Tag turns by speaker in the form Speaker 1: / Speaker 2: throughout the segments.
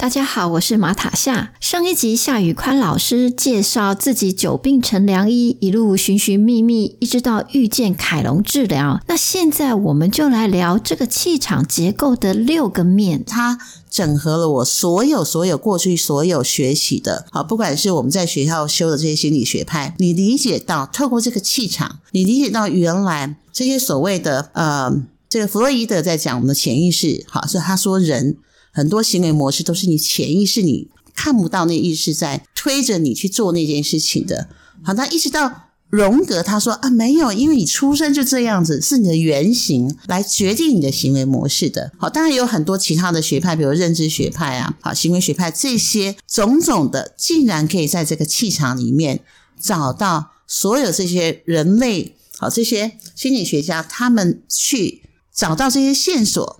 Speaker 1: 大家好，我是馬塔夏。上一集夏宇寬老師介紹自己久病成良醫，一路尋尋覓覓，一直到遇見凱龍治療。那現在我們就來聊這個氣場結構的六個面，它整合了我所有所有過去所有學習的。好，不管是
Speaker 2: 我們在學校修的這些心理學派，你理解到透過這個氣場，你理解到原來這些所謂的呃，這個弗洛伊德在講我們的潛意識，好，是他說人。很多行為模式都是你潛意識，你看不到那意識在推着你去做那件事情的。好，那一直到榮格他說啊，沒有，因為你出生就這樣子，是你的原型來決定你的行為模式的。好，當然也有很多其他的學派，比如認知學派啊，好，行為學派這些種種的，竟然可以在這個氣場裡面找到所有這些人類，好，這些心理學家他們去找到這些線索。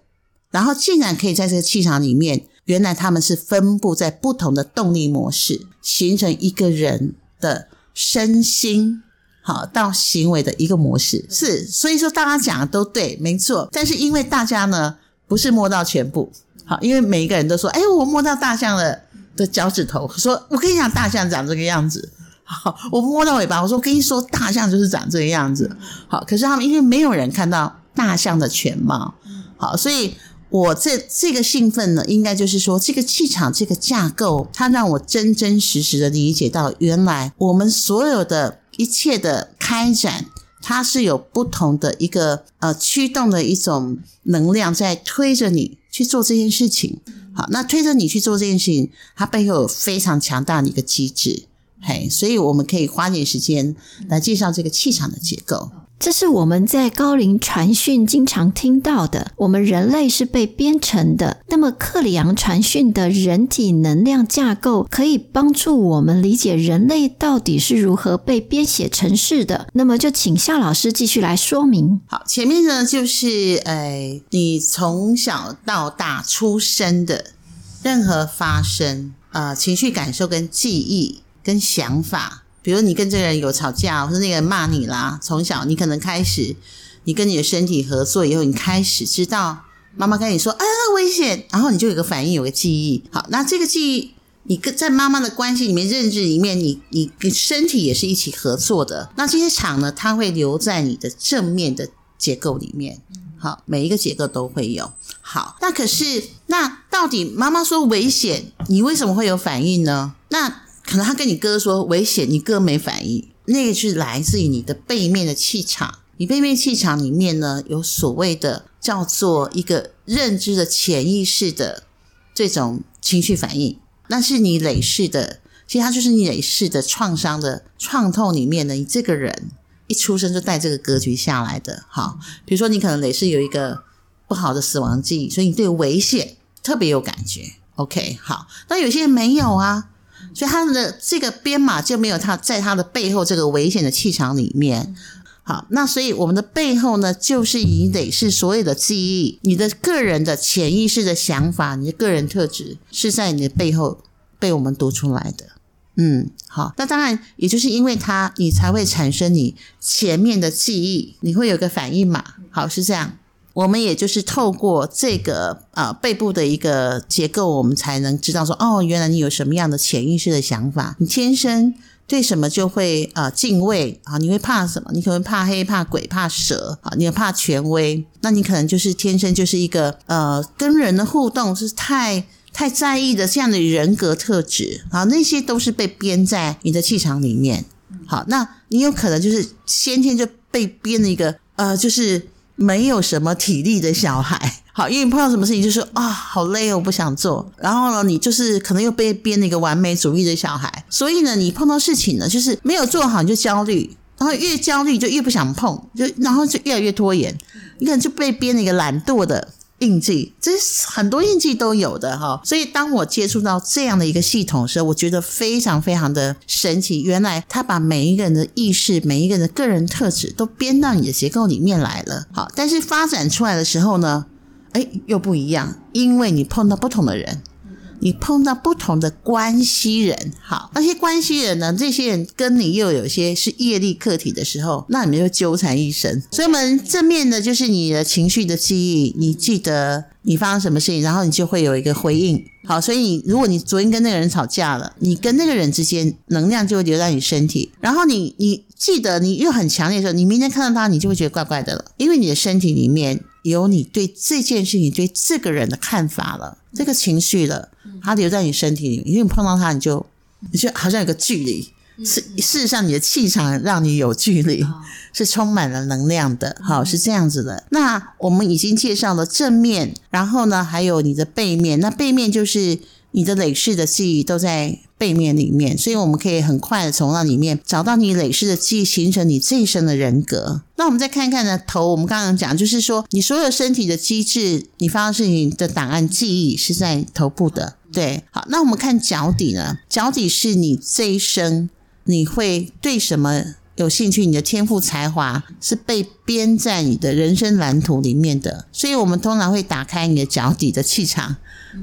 Speaker 2: 然後竟然，可以在這個氣場裡面，原來他們是分布在不同的動力模式，形成一個人的身心好到行為的一個模式。是，所以說大家講的都對，沒錯。但是因為大家呢不是摸到全部，好，因為每一個人都說：“欸，我摸到大象的的腳趾頭，我說我跟你講大象長這個樣子。”好，我摸到尾巴，我說我跟你說大象就是長這個樣子。好，可是他們因為沒有人看到大象的全貌，好，所以。我這這個興奮呢，應該就是說，這個氣場、這個架構，它讓我真真實實地理解到，原來我們所有的一切的開展，它是有不同的一個呃驅動的一種能量在推着你去做這件事情。好，那推着你去做這件事情，它背後有非常強大的一個機制，
Speaker 1: 嘿，所以我們可以花點時間來介紹這個氣場的結構。這是我們在高靈傳訊經常聽到的，我們人類是被編程的，那麼克里昂傳訊的人體能量架構可以幫助我們理解人類到底是如何被編寫程式的。那麼就請夏老師繼續來說明。好，前面呢就是，誒、哎、你從小到大
Speaker 2: 出生的任何發生，呃，情緒感受、跟記憶、跟想法。比如你跟這個人有吵架，或者那個人罵你啦。從小你可能開始，你跟你的身體合作以後，你開始知道媽媽跟你說“哎、啊，危險”，然後你就有個反應，有個記憶。好，那這個記憶，你跟在媽媽的關係裡面、認知裡面，你你跟身體也是一起合作的。那這些場呢，它會留在你的正面的結構裡面。好，每一個結構都會有。好，那可是那到底媽媽說危險，你為什麼會有反應呢？那可能他跟你哥哥說危險，你哥沒反應。那個是來自於你的背面的氣場，你背面氣場裡面呢，有所謂的叫做一個認知的潛意識的這種情緒反應，那是你累世的，其實它就是你累世的創傷的創痛裡面的。你這個人一出生就帶這個格局下來的。好，比如說你可能累世有一個不好的死亡記憶，所以你對危險特別有感覺。OK，好，那有些人沒有啊。所以他們的這個編碼就沒有他在他的背後這個危險的氣場裡面。好，那所以我們的背後呢，就是你得是所有的記憶，你的個人的潛意識的想法，你的個人特質是在你的背後被我們讀出來的。嗯，好，那當然也就是因為它，你才會產生你前面的記憶，你會有個反應嘛，好，是這樣。我們也就是透過這個呃背部的一個結構，我們才能知道說哦，原來你有什麼樣的潛意識的想法。你天生對什麼就會呃敬畏啊，你會怕什麼？你可能怕黑、怕鬼、怕蛇啊，你會怕權威。那你可能就是天生就是一個呃跟人的互動是太太在意的這樣的人格特質啊，那些都是被編在你的氣場裡面。好，那你有可能就是先天就被編了一個呃，就是，沒有什麼體力的小孩，好，因為你碰到什麼事情就說啊、哦，好累哦，不想做。然後呢，你就是可能又被編了一個完美主義的小孩，所以呢，你碰到事情呢，就是沒有做好你就焦慮，然後越焦慮就越不想碰，就然後就越來越拖延，你可能就被編了一個懶惰的印記，這是很多印記都有的哈，所以當我接觸到這樣的一個系統的時候，我覺得非常非常的神奇。原來他把每一個人的意識、每一個人的個人特質都編到你的結構裡面來了。好，但是發展出來的時候呢，哎，又不一樣，因為你碰到不同的人。你碰到不同的關係人，好，那些關係人呢？這些人跟你又有些是業力課題的時候，那你們就糾纏一生。所以，我們正面的就是你的情緒的記憶，你記得你發生什麼事情，然後你就會有一個回應。好，所以如果你昨天跟那個人吵架了，你跟那個人之間能量就會留在你身體，然後你你記得你又很強烈的時候，你明天看到他，你就會覺得怪怪的了，因為你的身體裡面，有你對這件事情、對這個人的看法了，嗯、這個情緒了，嗯、它留在你身體裡。因為你碰到它你就，嗯、你就好像有個距離。事、嗯、事實上，你的氣場讓你有距離，嗯哦、是充滿了能量的。嗯哦、好，是這樣子的。嗯、那我們已經介紹了正面，然後呢，還有你的背面。那背面就是你的累世的記憶都在。背面裡面，所以我們可以很快的從那裡面找到你累世的記憶，形成你這一生的人格。那我們再看看呢頭，我們剛剛講的就是說，你所有身體的機制，你發生事情的檔案記憶是在頭部的。對，好，那我們看腳底呢？腳底是你這一生你會對什麼有興趣？你的天賦才華是被編在你的人生藍圖裡面的。所以我們通常會打開你的腳底的氣場，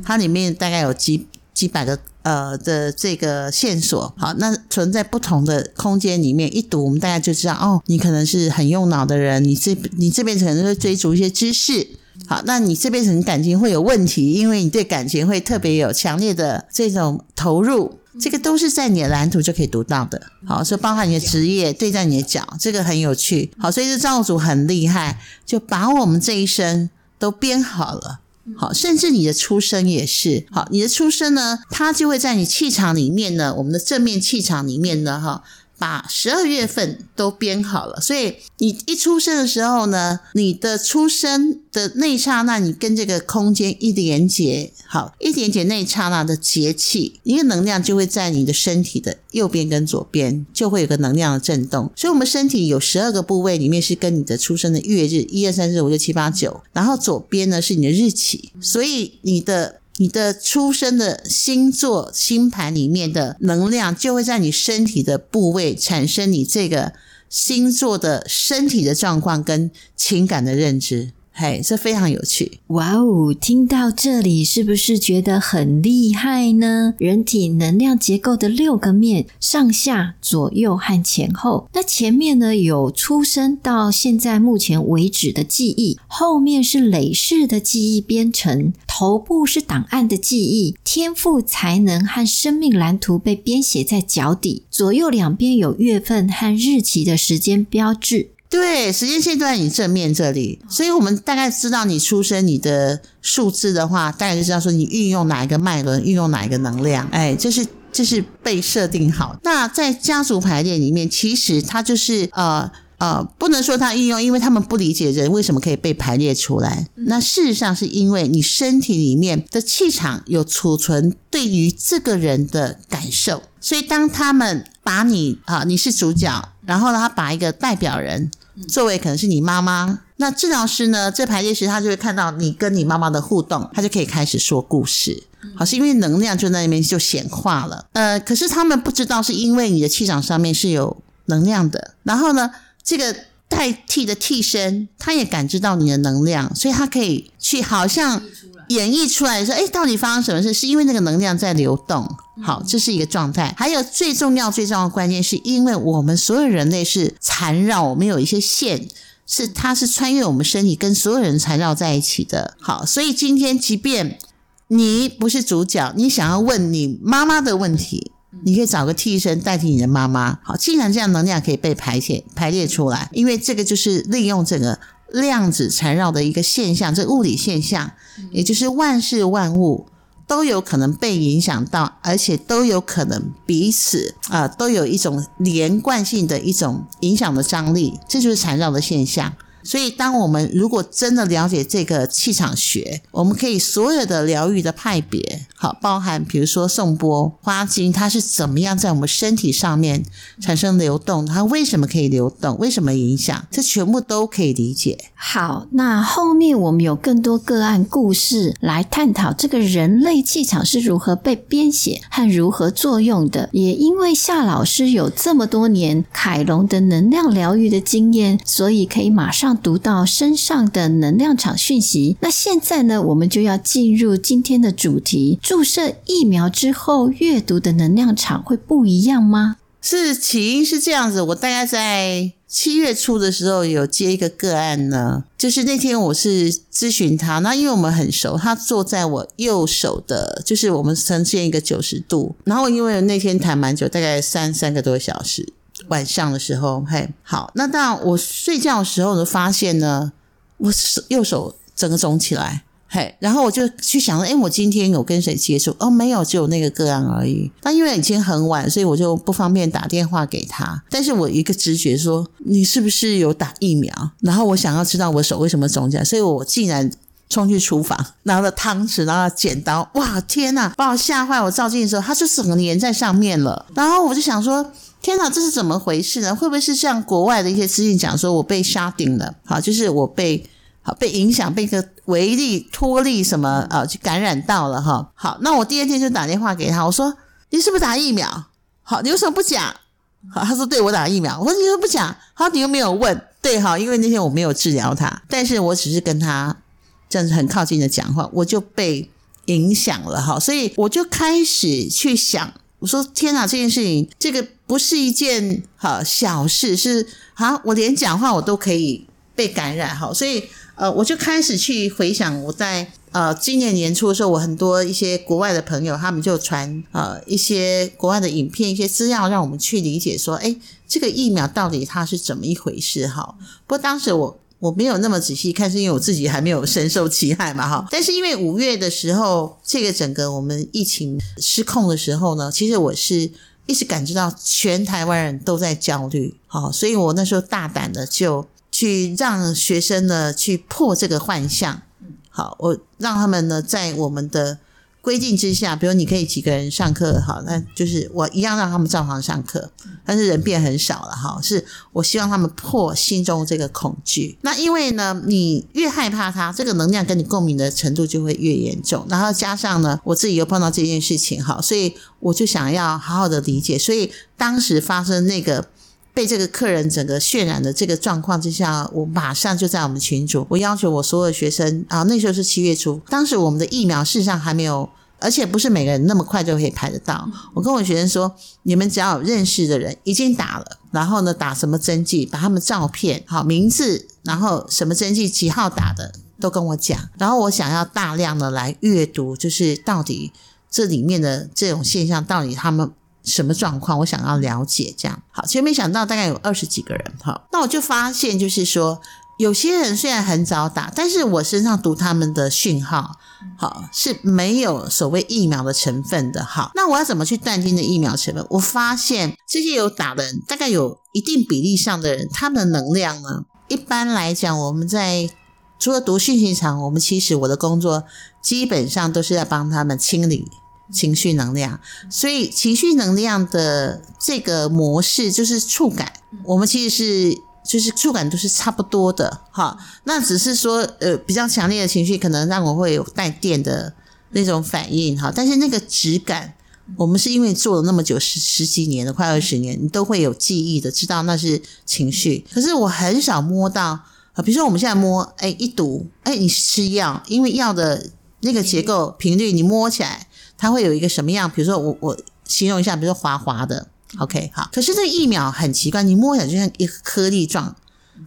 Speaker 2: 它裡面大概有幾幾百個。呃的這個線索，好，那存在不同的空間裡面，一讀我們大家就知道哦，你可能是很用腦的人，你這你這邊可能會追逐一些知識，好，那你這邊可能感情會有問題，因為你對感情會特別有強烈的這種投入，這個都是在你的藍圖就可以讀到的，好，所以包含你的職業，對待你的腳，這個很有趣，好，所以這造物主很厲害，就把我們這一生都編好了。好，甚至你的出生也是，好，你的出生呢，他就會在你氣場裡面呢，我們的正面氣場裡面呢，哈。把十二月份都編好了，所以你一出生的時候呢，你的出生的那一剎那，你跟這個空間一連接，好，一連接那一剎那的節氣，一個能量就會在你的身體的右邊跟左邊就會有個能量的震動，所以我們身體有十二個部位，裡面是跟你的出生的月日一二三四五六七八九，1, 2, 3, 4, 5, 6, 7, 8, 9, 然後左邊呢是你的日期，所以你的。你的出生的星座星盤裡面的能量，就會在你身體的部位產生你這個星座的身體的狀況跟
Speaker 1: 情感的認知。嘿，hey, 這非常有趣。哇哦，聽到這裡是不是覺得很厲害呢？人體能量結構的六個面，上下、左右和前後。那前面呢，有出生到現在目前為止的記憶；後面是累世的記憶編程，頭部是檔案的記憶，天賦、才能和生命藍圖被編寫在腳底。左右兩邊有月份和日期的時間標誌。對，時間線都在
Speaker 2: 你正面這裡，所以我們大概知道你出生你的數字的話，大概就知道說你運用哪一個脈輪，運用哪一個能量，哎，就是就是被設定好。那在家族排列裡面，其實它就是呃呃，不能說它運用，因為他們不理解人為什麼可以被排列出來。那事實上是因為你身體裡面的氣場有儲存對於這個人的感受，所以當他們把你啊、呃，你是主角。然後呢，他把一個代表人作為可能是你媽媽。那治療師呢，這排列時，他就會看到你跟你媽媽的互動，他就可以開始說故事，好像、嗯、因為能量就在那邊就顯化了。呃，可是他們不知道是因為你的氣場上面是有能量的。然後呢，這個。代替的替身，他也感知到你的能量，所以他可以去好像演繹出來，說：“哎，到底發生什麼事？是因為那個能量在流動。好，這是一個狀態。還有最重要、最重要的關鍵，是因為我們所有人類是纏繞，我們有一些線是它是穿越我們身體，跟所有人纏繞在一起的。好，所以今天即便你不是主角，你想要問你媽媽的問題。”你可以找個替身代替你的媽媽，好，既然這樣，能量可以被排列排列出來，因為這個就是利用這個量子纏繞的一個現象，這個物理現象，也就是萬事萬物都有可能被影響到，而且都有可能彼此啊、呃，都有一種連貫性的一種影響的張力，這就是纏繞的現象。所以，當我們如果真的了解這個氣場學，我們可以所有的療癒的派別，好，包含比如說頌缽、花精，它是怎麼樣在我們身體上面產生流動？它為什麼可以流動？為什麼影響？這全部都可以理解。
Speaker 1: 好，那後面我們有更多個案故事來探討這個人類氣場是如何被編寫和如何作用的。也因為夏老師有這麼多年凱龍的能量療癒的經驗，所以可以馬上讀到身上的能量場訊息，那現在呢？我們就要進入今天的主題：注射疫苗之後，閱讀的能量場會不一樣嗎？
Speaker 2: 是，起因是這樣子。我大概在七月初的時候有接一個個案呢，就是那天我是諮詢他，那因為我們很熟，他坐在我右手的，就是我們呈現一個九十度。然後因為那天談蠻久，大概三三個多小時。晚上的時候，嘿，好，那當我睡覺的時候，我就發現呢，我右手整個腫起來，嘿，然後我就去想了，哎、欸，我今天有跟誰接觸？哦，沒有，只有那個個案而已。那因為已經很晚，所以我就不方便打電話給他。但是我一個直覺說，你是不是有打疫苗？然後我想要知道我手為什麼腫起來，所以我竟然。衝去廚房，拿了湯匙，拿了剪刀，哇，天啊，把我嚇壞！我照鏡的時候，它就整個粘在上面了。然後我就想說，天啊，這是怎麼回事呢？會不會是像國外的一些資訊講，說我被殺頂了？好，就是我被好被影響，被一個維力脫力什麼啊，去、呃、感染到了哈。好，那我第二天就打電話給他，我說你是不是打疫苗？好，你為什麼不講？好，他說對，我打疫苗。我說你又不講，好，你又沒有問。對哈，因為那天我沒有治療他，但是我只是跟他。這樣子很靠近的講話，我就被影響了哈，所以我就開始去想，我說天啊，這件事情這個不是一件哈小事，是哈、啊。我連講話我都可以被感染哈，所以呃，我就開始去回想我在呃今年年初的時候，我很多一些國外的朋友，他們就傳呃一些國外的影片、一些資料，讓我們去理解說，哎、欸，這個疫苗到底它是怎麼一回事哈。不過當時我。我沒有那麼仔細看，是因為我自己還沒有深受其害嘛，哈。但是因為五月的時候，這個整個我們疫情失控的時候呢，其實我是一直感覺到全台灣人都在焦慮，好，所以我那時候大膽的就去讓學生呢去破這個幻象，好，我讓他們呢在我們的。規定之下，比如你可以幾個人上課，哈，那就是我一樣讓他們照常上課，但是人變很少了，哈，是我希望他們破心中這個恐懼。那因為呢，你越害怕它，這個能量跟你共鳴的程度就會越嚴重。然後加上呢，我自己又碰到這件事情，哈，所以我就想要好好的理解。所以當時發生那個被這個客人整個渲染的這個狀況之下，我馬上就在我們群組，我要求我所有的學生啊，那時候是七月初，當時我們的疫苗事實上還沒有。而且不是每個人那麼快就可以排得到。我跟我學生說，你們只要有認識的人已經打了，然後呢，打什麼針劑，把他們照片、好，名字，然後什麼針劑幾號打的，都跟我講。然後我想要大量的來閱讀，就是到底這裡面的這種現象，到底他們什麼狀況，我想要了解，這樣。好，其實沒想到大概有二十幾個人。哈，那我就發現，就是說有些人雖然很早打，但是我身上讀他們的訊號。好，是沒有所謂疫苗的成分的。好，那我要怎麼去斷定這疫苗成分？我發現這些有打的人，大概有一定比例上的人，他們的能量呢？一般來講，我們在除了讀訊息場，我們其實我的工作基本上都是在幫他們清理情緒能量，所以情緒能量的這個模式就是觸感。我們其實是。就是觸感都是差不多的哈，那只是說呃比較強烈的情緒可能讓我會有帶電的那種反應哈，但是那個質感，我們是因為做了那麼久十十幾年了，快二十年，你都會有記憶的，知道那是情緒。可是我很少摸到啊，比如說我們現在摸，哎一堵，哎你吃藥，因為藥的那個結構頻率，你摸起來它會有一個什麼樣？比如說我我形容一下，比如說滑滑的。OK，好。可是這疫苗很奇怪，你摸起來就像一顆粒狀，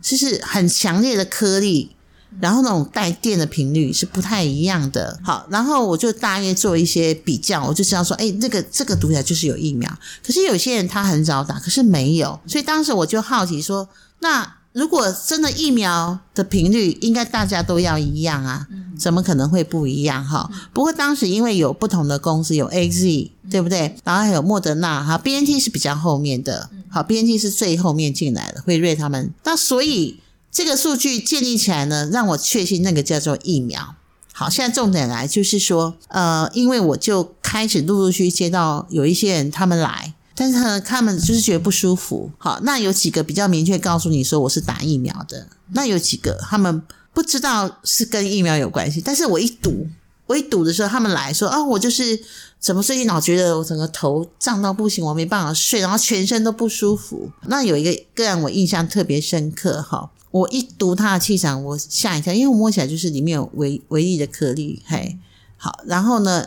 Speaker 2: 就是很強烈的顆粒，然後那種帶電的頻率是不太一樣的。好，然後我就大約做一些比較，我就知道說，哎、欸，那個這個讀起來就是有疫苗。可是有些人他很早打，可是沒有。所以當時我就好奇說，那如果真的疫苗的頻率，應該大家都要一樣啊。怎麼可能會不一樣哈？不過當時因為有不同的公司，有 AZ 對不對？然後還有莫德納哈，BNT 是比較後面的，好，BNT 是最後面進來的，輝瑞他們。那所以這個數據建立起來呢，讓我確信那個叫做疫苗。好，現在重點來就是說，呃，因為我就開始陸陸續續接到有一些人他們來，但是呢，他們就是覺得不舒服。好，那有幾個比較明確告訴你說我是打疫苗的，那有幾個他們。不知道是跟疫苗有關係，但是我一讀，我一讀的時候，他們來說，啊、哦，我就是怎麼最近老覺得我整個頭脹到不行，我沒辦法睡，然後全身都不舒服。那有一個更讓我印象特別深刻，哈、哦，我一讀他的氣場，我嚇一跳，因為我摸起來就是裡面有微微粒的顆粒，嘿，好。然後呢，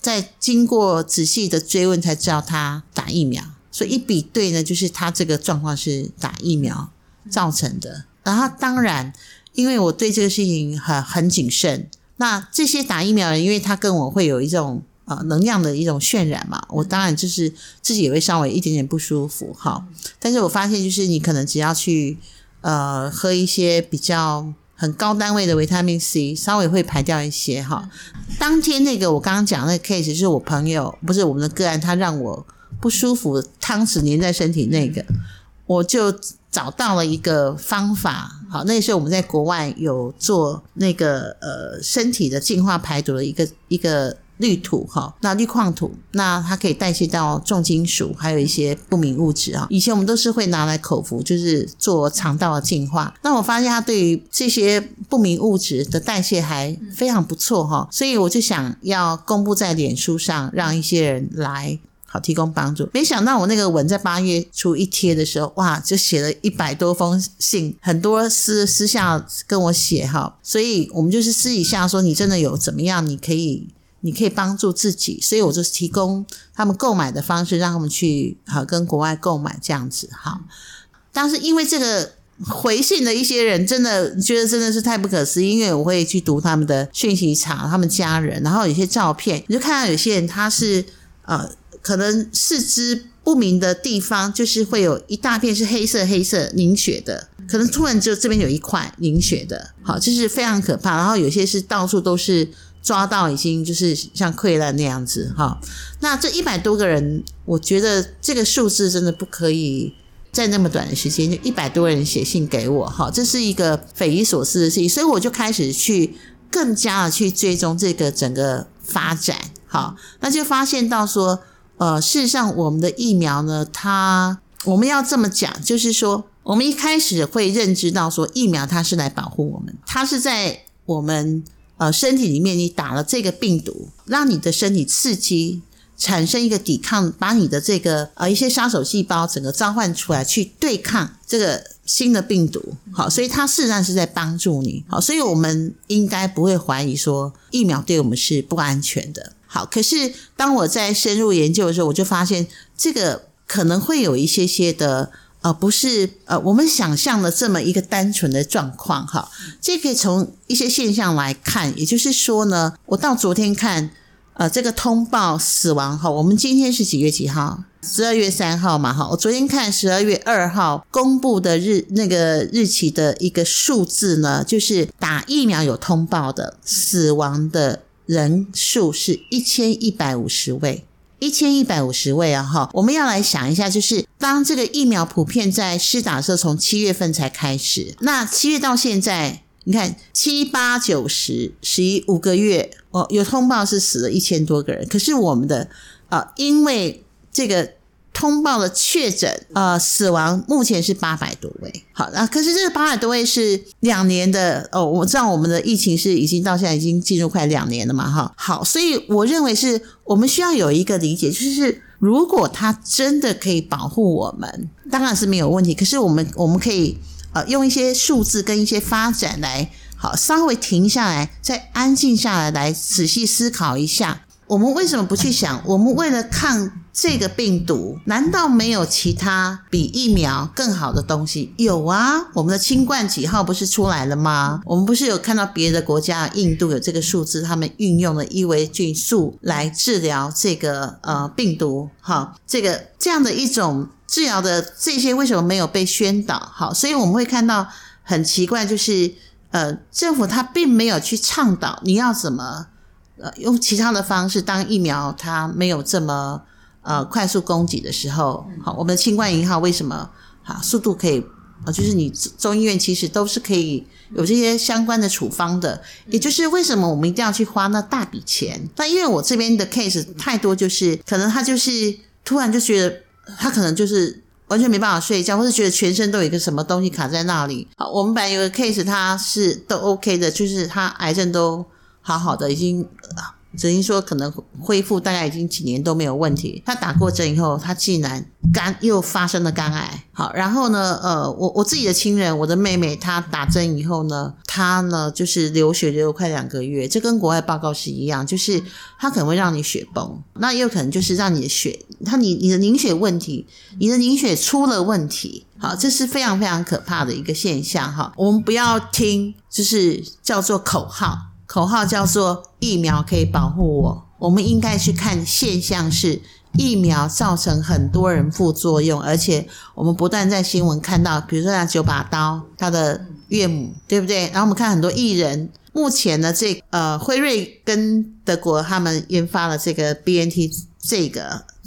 Speaker 2: 再經過仔細的追問，才知道他打疫苗，所以一比對呢，就是他這個狀況是打疫苗造成的。然後當然。因為我對這個事情很很謹慎，那這些打疫苗人，因為他跟我會有一種呃能量的一種渲染嘛，我當然就是自己也會稍微一點點不舒服哈。但是我發現就是你可能只要去呃喝一些比較很高單位的維他命 C，稍微會排掉一些哈。當天那個我剛剛講的那個 case 是我朋友，不是我們的個案，他讓我不舒服，湯匙粘在身體那個，我就找到了一個方法。好，那時候我們在國外有做那個呃身體的淨化排毒的一個一個綠土哈、哦，那綠礦土，那它可以代謝到重金屬，還有一些不明物質啊、哦。以前我們都是會拿來口服，就是做腸道的淨化。那我發現它對於這些不明物質的代謝還非常不錯哈、哦，所以我就想要公布在臉書上，讓一些人來。好，提供幫助。沒想到我那個文在八月初一貼的時候，哇，就寫了一百多封信，很多私私下跟我寫哈。所以，我們就是私底下說，你真的有怎麼樣？你可以，你可以幫助自己。所以，我就提供他們購買的方式，讓他們去好跟國外購買這樣子。哈，但是因為這個回信的一些人，真的覺得真的是太不可思議，因為我會去讀他們的訊息場，查他們家人，然後有些照片，你就看到有些人他是呃。可能四肢不明的地方，就是會有一大片是黑色黑色凝血的，可能突然就這邊有一塊凝血的，好，就是非常可怕。然後有些是到處都是抓到，已經就是像潰爛那樣子哈。那這一百多個人，我覺得這個數字真的不可以在那麼短的時間就一百多人寫信給我哈，這是一個匪夷所思的事情。所以我就開始去更加的去追蹤這個整個發展，好，那就發現到說。呃，事實上，我們的疫苗呢，它我們要這麼講，就是說，我們一開始會認知到說疫苗它是來保護我們，它是在我們呃身體裡面，你打了這個病毒，讓你的身體刺激產生一個抵抗，把你的這個呃一些殺手細胞整個召喚出來去對抗這個新的病毒，好，所以它事實上是在幫助你，好，所以我們應該不會懷疑說疫苗對我們是不安全的。好，可是當我在深入研究的時候，我就發現這個可能會有一些些的，呃，不是呃，我們想象的這麼一個單純的狀況。哈，這可以從一些現象來看，也就是說呢，我到昨天看，呃，這個通報死亡，哈，我們今天是幾月幾號？十二月三號嘛，哈，我昨天看十二月二號公布的日那個日期的一個數字呢，就是打疫苗有通報的死亡的。人數是一千一百五十位，一千一百五十位啊！哈，我們要來想一下，就是當這個疫苗普遍在施打的時候，從七月份才開始，那七月到現在，你看七八九十十一五個月哦，有通報是死了一千多個人，可是我們的啊，因為這個。通報的確診，呃，死亡目前是八百多位。好，那，啊，可是這個八百多位是兩年的哦。我知道我們的疫情是已經到現在已經進入快兩年了嘛，哈。好，所以我認為是我們需要有一個理解，就是如果它真的可以保護我們，當然是沒有問題。可是我們我們可以呃用一些數字跟一些發展來，好稍微停下來，再安靜下來，來仔細思考一下。我們為什麼不去想？我們為了抗這個病毒，難道沒有其他比疫苗更好的東西？有啊，我們的清冠幾號不是出來了嗎？我們不是有看到別的國家，印度有這個數字，他們運用了伊、e、維菌素來治療這個呃病毒，哈，這個這樣的一種治療的這些為什麼沒有被宣導？哈，所以我們會看到很奇怪，就是呃，政府他並沒有去倡導你要怎麼。呃，用其他的方式，當疫苗它沒有這麼呃快速供給的時候，好，我們清冠一號為什麼好、啊、速度可以？啊，就是你中，中醫院其實都是可以有這些相關的處方的，也就是為什麼我們一定要去花那大筆錢？但因為我這邊的 case 太多，就是可能他就是突然就覺得他可能就是完全沒辦法睡覺，或者覺得全身都有一個什麼東西卡在那裡。好，我們本來有個 case 他是都 OK 的，就是他癌症都。好好的，已經，呃，只能說可能恢復，大概已經幾年都沒有問題。他打過針以後，他竟然肝又發生了肝癌。好，然後呢，呃，我我自己的親人，我的妹妹，她打針以後呢，她呢就是流血流快兩個月，這跟國外報告是一樣，就是它可能會讓你血崩，那也有可能就是讓你的血，他你你的凝血問題，你的凝血出了問題。好，這是非常非常可怕的一個現象哈。我們不要聽，就是叫做口號。口號叫做“疫苗可以保護我”，我們應該去看現象是疫苗造成很多人副作用，而且我們不斷在新聞看到，比如說那九把刀他的岳母，對不對？然後我們看很多藝人，目前呢，這個、呃輝瑞跟德國他們研發了這個 BNT 這個，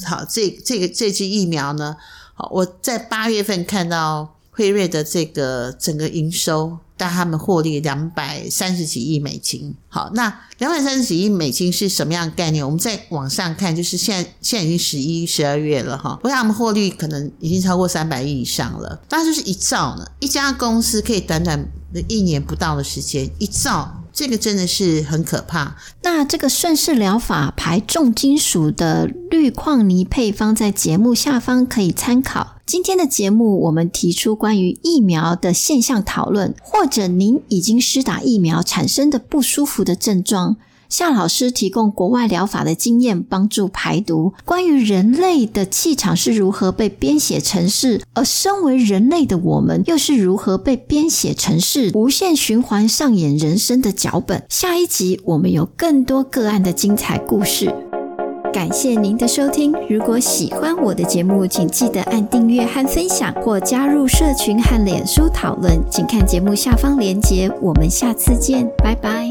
Speaker 2: 好，這，這個，這支、個、疫苗呢，好，我在八月份看到輝瑞的這個整個營收。但他們獲利兩百三十幾億美金，好，那兩百三十幾億美金是什麼樣的概念？我們在網上看，就是現在現在已經十一、十二月了哈，我想他們獲利可能已經超過三百億以上了，當然就是一兆呢，一家公司可以短短的一年不
Speaker 1: 到的時間一兆。這個真的是很可怕。那這個順勢療法排重金屬的綠礦泥配方，在節目下方可以參考。今天的節目，我們提出關於疫苗的現象討論，或者您已經施打疫苗產生的不舒服的症狀。夏老師提供國外療法的經驗，幫助排毒。關於人類的氣場是如何被編寫程式，而身為人類的我們又是如何被編寫程式，無限循環上演人生的腳本。下一集我們有更多個案的精彩故事。感謝您的收聽。如果喜歡我的節目，請記得按訂閱和分享，或加入社群和臉書討論。請看節目下方連結。我們下次見，拜拜。